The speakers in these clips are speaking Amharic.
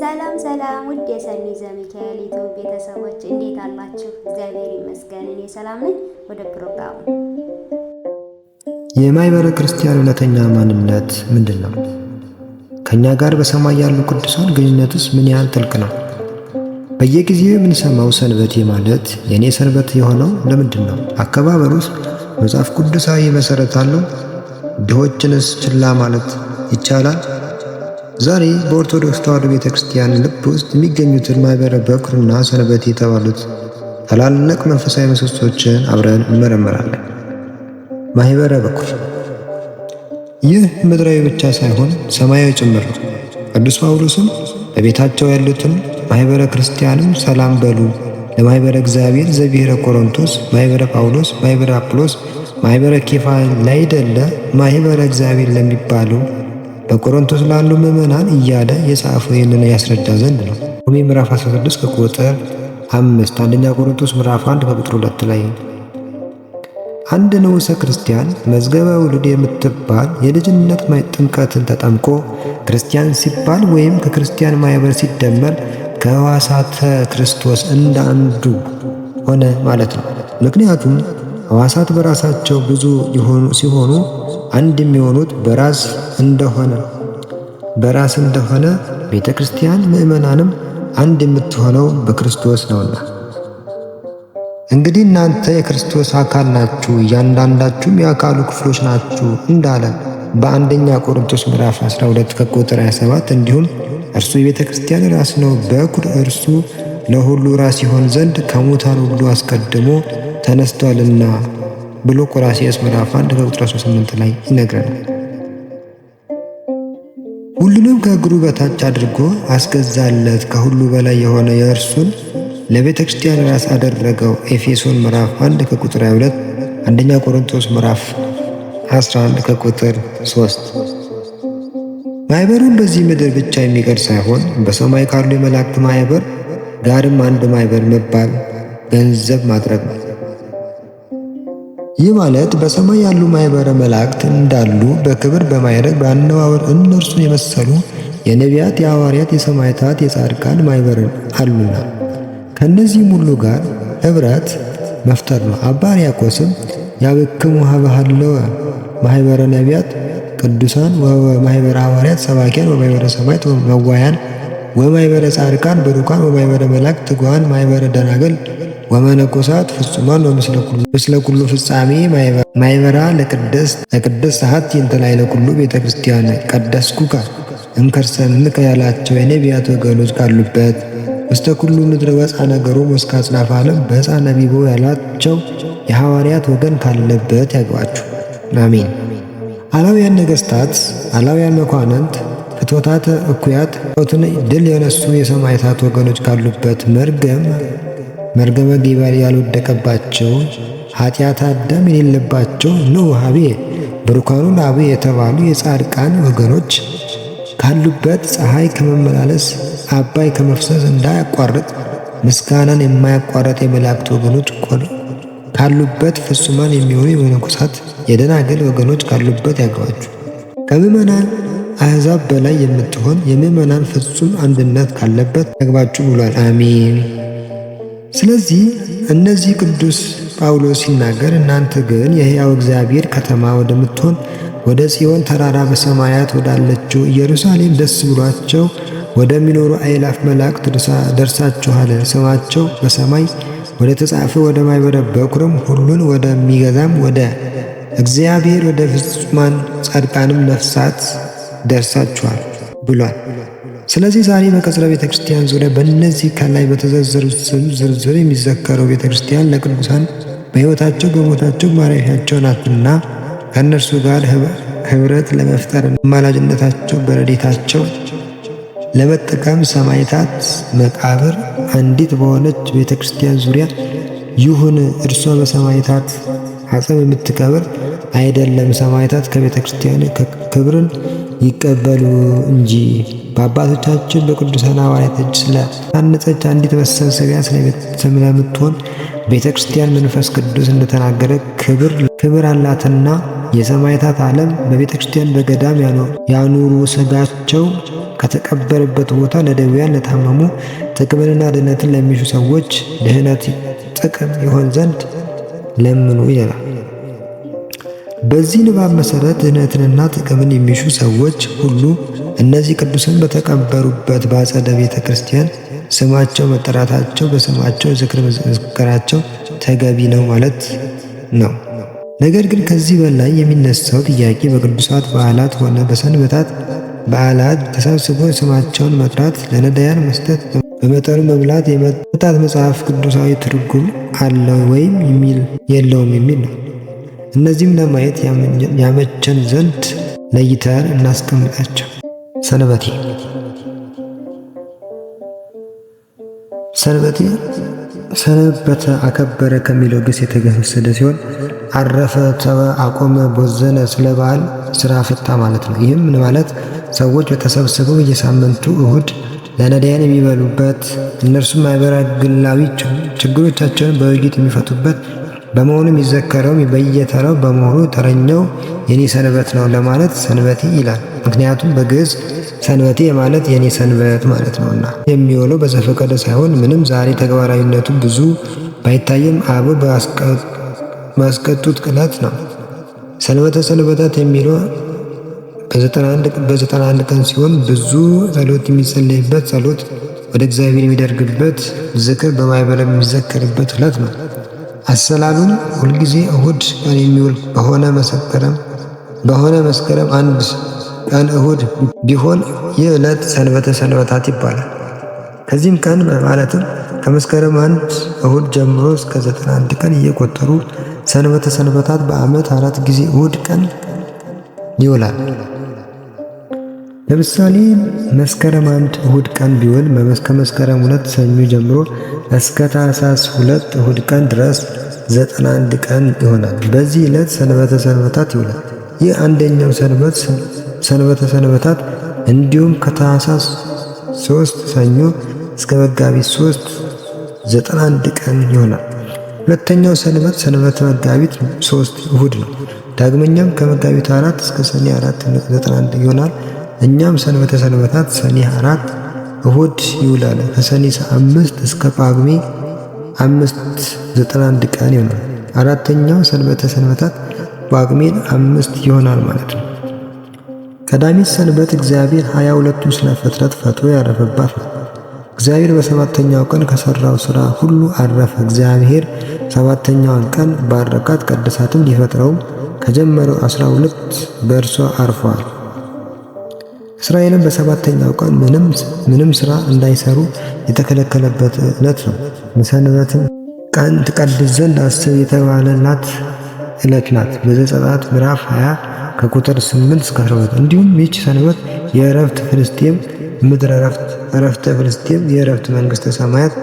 ሰላም ሰላም፣ ውድ የሰኒ ዘሚካኤል ኢትዮ ቤተሰቦች እንዴት አላችሁ? እግዚአብሔር ይመስገን እኔ ሰላም ነኝ። ወደ ፕሮግራሙ የማይበረ ክርስቲያን እውነተኛ ማንነት ምንድን ነው? ከእኛ ጋር በሰማይ ያሉ ቅዱሳን ግንኙነትስ ምን ያህል ጥልቅ ነው? በየጊዜው የምንሰማው ሰንበቴ ማለት የእኔ ሰንበት የሆነው ለምንድን ነው? አከባበሩስ መጽሐፍ ቅዱሳዊ መሠረት አለው? ድሆችንስ ችላ ማለት ይቻላል? ዛሬ በኦርቶዶክስ ተዋሕዶ ቤተ ክርስቲያን ልብ ውስጥ የሚገኙትን ማኅበረ በኩርና ሰንበት የተባሉት ታላላቅ መንፈሳዊ ምሰሶችን አብረን እንመረምራለን። ማኅበረ በኩር ይህ ምድራዊ ብቻ ሳይሆን ሰማያዊ ጭምር ነው። ቅዱስ ጳውሎስም በቤታቸው ያሉትን ማኅበረ ክርስቲያንም ሰላም በሉ ለማኅበረ እግዚአብሔር ዘብሔረ ቆሮንቶስ፣ ማኅበረ ጳውሎስ፣ ማኅበረ አጵሎስ፣ ማኅበረ ኬፋ ላይደለ ማኅበረ እግዚአብሔር ለሚባለው በቆሮንቶስ ላሉ ምዕመናን እያለ የጻፈው ይህንን ያስረዳ ዘንድ ነው። ሮሜ ምዕራፍ 16 ከቁጥር አምስት አንደኛ ቆሮንቶስ ምዕራፍ 1 ከቁጥር 2 ላይ አንድ ንዑሰ ክርስቲያን መዝገበ ውሉድ የምትባል የልጅነት ጥምቀትን ተጠምቆ ክርስቲያን ሲባል ወይም ከክርስቲያን ማኅበር ሲደመር ከሕዋሳተ ክርስቶስ እንደ አንዱ ሆነ ማለት ነው። ምክንያቱም ሕዋሳት በራሳቸው ብዙ ሲሆኑ አንድ የሚሆኑት በራስ እንደሆነ በራስ እንደሆነ ቤተ ክርስቲያን ምእመናንም አንድ የምትሆነው በክርስቶስ ነውና። እንግዲህ እናንተ የክርስቶስ አካል ናችሁ፣ እያንዳንዳችሁም የአካሉ ክፍሎች ናችሁ እንዳለ በአንደኛ ቆሮንቶስ ምዕራፍ 12 ከቁጥር 27 እንዲሁም እርሱ የቤተ ክርስቲያን ራስ ነው፣ በኩር እርሱ ለሁሉ ራስ ይሆን ዘንድ ከሙታን ሁሉ አስቀድሞ ተነስቷልና ብሎ ቆላስይስ ምዕራፍ 1 ከቁጥር 18 ላይ ይነግረናል። ሁሉንም ከእግሩ በታች አድርጎ አስገዛለት፣ ከሁሉ በላይ የሆነ የእርሱን ለቤተ ክርስቲያን ራስ አደረገው። ኤፌሶን ምዕራፍ 1 ከቁጥር 22፣ አንደኛ ቆሮንቶስ ምዕራፍ 11 ከቁጥር 3። ማይበሩን በዚህ ምድር ብቻ የሚቀር ሳይሆን በሰማይ ካሉ የመላእክት ማይበር ጋርም አንድ ማይበር መባል ገንዘብ ማድረግ ነው። ይህ ማለት በሰማይ ያሉ ማኅበረ መላእክት እንዳሉ በክብር በማይረግ በአነባበር እነርሱን የመሰሉ የነቢያት፣ የሐዋርያት፣ የሰማዕታት፣ የጻድቃን ማኅበር አሉና ከእነዚህም ሁሉ ጋር ኅብረት መፍጠር ነው። አባ ሕርያቆስም ያብክሙ ሀበሃለወ ማኅበረ ነቢያት ቅዱሳን ወማኅበረ ሐዋርያት ሰባኪያን ወማኅበረ ሰማዕታት መዋያን ወማኅበረ ጻድቃን በዱቃን ወማኅበረ መላእክት ትጉሃን ማኅበረ ደናግል ወመነኮሳት ፍጹማን በምስለ ኩሉ ፍጻሜ ማይበራ ለቅድስ ሰሀት ይንተላይ ለኩሉ ቤተ ክርስቲያን ቀደስኩካ እንከርሰንከ ያላቸው የነቢያት ወገኖች ካሉበት ውስተ ኩሉ ምድረ በፃ ነገሩ መስከ አጽናፈ ዓለም በፃ ነቢቦ ያላቸው የሐዋርያት ወገን ካለበት ያግባችሁ። አሜን። አላውያን ነገሥታት፣ አላውያን መኳንንት ፍትወታተ እኩያት ቶትን ድል የነሱ የሰማዕታት ወገኖች ካሉበት መርገም መርገመ ጌባል ያልወደቀባቸው ኃጢአት አዳም የሌለባቸው ለውሃቤ ብሩካኑ ላቤ የተባሉ የጻድቃን ወገኖች ካሉበት ፀሐይ ከመመላለስ አባይ ከመፍሰስ እንዳያቋርጥ ምስጋናን የማያቋርጥ የመላእክት ወገኖች ካሉበት ፍጹማን የሚሆኑ የመነኮሳት የደናገል ወገኖች ካሉበት ያግባችሁ። ከምዕመናን አሕዛብ በላይ የምትሆን የምዕመናን ፍጹም አንድነት ካለበት ያግባችሁ ብሏል። አሚን። ስለዚህ እነዚህ ቅዱስ ጳውሎስ ሲናገር እናንተ ግን የሕያው እግዚአብሔር ከተማ ወደምትሆን ወደ ጽዮን ተራራ በሰማያት ወዳለችው ኢየሩሳሌም ደስ ብሏቸው ወደሚኖሩ አይላፍ መላእክት ደርሳችኋል። ስማቸው በሰማይ ወደ ተጻፈ ወደ ማይበረ በኵርም ሁሉን ወደሚገዛም ወደ እግዚአብሔር ወደ ፍጹማን ጻድቃንም ነፍሳት ደርሳችኋል ብሏል። ስለዚህ ዛሬ በቀጽረ ቤተ ክርስቲያን ዙሪያ በእነዚህ ከላይ በተዘዘሩ ዝርዝር የሚዘከረው ቤተ ክርስቲያን ለቅዱሳን በሕይወታቸው በሞታቸው ማረፊያቸው ናትና ከእነርሱ ጋር ኅብረት ለመፍጠር አማላጅነታቸው በረዴታቸው ለመጠቀም ሰማይታት መቃብር አንዲት በሆነች ቤተ ክርስቲያን ዙሪያ ይሁን። እርሷ በሰማይታት አጽም የምትከብር አይደለም። ሰማይታት ከቤተ ክርስቲያን ክብርን ይቀበሉ እንጂ በአባቶቻችን በቅዱሳን ሐዋርያት እጅ አነጸች አንዲት መሰብሰቢያ ስለምትሆን ቤተ ክርስቲያን መንፈስ ቅዱስ እንደተናገረ ክብር አላትና የሰማዕታት ዓለም በቤተ ክርስቲያን በገዳም ያኑሩ ስጋቸው ከተቀበረበት ቦታ ለደዌያን፣ ለታመሙ፣ ጥቅምንና ድህነትን ለሚሹ ሰዎች ድህነት ጥቅም ይሆን ዘንድ ለምኑ ይላል። በዚህ ንባብ መሠረት ድህነትንና ጥቅምን የሚሹ ሰዎች ሁሉ እነዚህ ቅዱሳን በተቀበሩበት በአጸደ ቤተ ክርስቲያን ስማቸው መጠራታቸው በስማቸው ዝክር መዘከራቸው ተገቢ ነው ማለት ነው። ነገር ግን ከዚህ በላይ የሚነሳው ጥያቄ በቅዱሳት በዓላት ሆነ በሰንበታት በዓላት ተሰብስቦ ስማቸውን መጥራት፣ ለነዳያን መስጠት፣ በመጠኑ መብላት የመጣት መጽሐፍ ቅዱሳዊ ትርጉም አለው ወይም የሚል የለውም የሚል ነው። እነዚህም ለማየት ያመቸን ዘንድ ለይተን እናስቀምጣቸው። ሰንበቴ ሰንበቴ ሰነበተ አከበረ ከሚለው ግስ የተገሰሰደ ሲሆን አረፈ፣ ተወ፣ አቆመ፣ ቦዘነ ስለ በዓል ስራ ፈታ ማለት ነው። ይህም ማለት ሰዎች በተሰብስበው እየሳምንቱ እሁድ ለነዳያን የሚበሉበት እነርሱም ማህበራዊ ግላዊ ችግሮቻቸውን በውይይት የሚፈቱበት በመሆኑም ይዘከረው በየተራው በመሆኑ ተረኛው የኔ ሰንበት ነው ለማለት ሰንበቴ ይላል። ምክንያቱም በግዕዝ ሰንበቴ ማለት የኔ ሰንበት ማለት ነውና የሚውለው በዘፈቀደ ሳይሆን ምንም ዛሬ ተግባራዊነቱ ብዙ ባይታይም አበ ባስቀጡት ቅላት ነው። ሰንበተ ሰንበታት የሚለው በዘጠና አንድ ቀን ሲሆን ብዙ ጸሎት የሚጸለይበት ጸሎት ወደ እግዚአብሔር የሚደርግበት ዝክር በማይበለም የሚዘከርበት ዕለት ነው። አሰላምን ሁልጊዜ እሁድ ቀን የሚውል በሆነ መስከረም በሆነ መስከረም አንድ ቀን እሁድ ቢሆን ይህ ዕለት ሰንበተ ሰንበታት ይባላል። ከዚህም ቀን ማለትም ከመስከረም አንድ እሁድ ጀምሮ እስከ ዘጠና አንድ ቀን እየቆጠሩ ሰንበተ ሰንበታት በዓመት አራት ጊዜ እሁድ ቀን ይውላል። ለምሳሌ መስከረም አንድ እሁድ ቀን ቢውል ከመስከረም ሁለት ሰኞ ጀምሮ እስከ ታህሳስ ሁለት እሁድ ቀን ድረስ ዘጠና አንድ ቀን ይሆናል። በዚህ ዕለት ሰንበተ ሰንበታት ይውላል። ይህ አንደኛው ሰንበት ሰንበተ ሰንበታት እንዲሁም ከታህሳስ ሶስት ሰኞ እስከ መጋቢት ሶስት ዘጠና አንድ ቀን ይሆናል። ሁለተኛው ሰንበት ሰንበተ መጋቢት ሶስት እሁድ ነው። ዳግመኛም ከመጋቢት አራት እስከ ሰኔ አራት ዘጠና አንድ ይሆናል። እኛም ሰንበተ ሰንበታት ሰኔ አራት እሁድ ይውላል። ከሰኔ አምስት እስከ ጳጉሜ አምስት ዘጠና አንድ ቀን ይሆናል። አራተኛው ሰንበተ ሰንበታት ጳጉሜን አምስት ይሆናል ማለት ነው። ቀዳሚት ሰንበት እግዚአብሔር ሀያ ሁለቱ ስነ ፍጥረት ፈጥሮ ያረፈባት ነው። እግዚአብሔር በሰባተኛው ቀን ከሰራው ስራ ሁሉ አረፈ። እግዚአብሔር ሰባተኛውን ቀን ባረካት፣ ቀደሳትም ሊፈጥረውም ከጀመረው አስራ ሁለት በእርሷ አርፏል። እስራኤልን በሰባተኛው ቀን ምንም ስራ እንዳይሰሩ የተከለከለበት ዕለት ነው። የሰንበትን ቀን ትቀድስ ዘንድ አስብ የተባለላት ዕለት ናት። በዘጸአት ምዕራፍ 20 ከቁጥር 8 እስከ 12። እንዲሁም ይህች ሰንበት የእረፍት ፍልስጤም ምድር እረፍተ ፍልስጤም የእረፍት መንግሥተ ሰማያት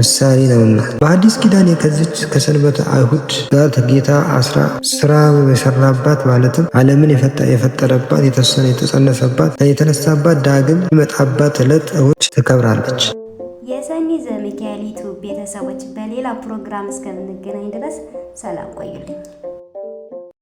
ምሳሌ ነውና በአዲስ ኪዳን ከዚች ከሰንበት አይሁድ ጋር ጌታ አስራ ስራ የሰራባት ማለትም ዓለምን የፈጠረባት የተሰነ የተጸነሰባት የተነሳባት ዳግም ይመጣባት ዕለት እሑድ ትከብራለች። የሰኒ ዘሚካኤል ቤተሰቦች በሌላ ፕሮግራም እስከምንገናኝ ድረስ ሰላም ቆዩልኝ።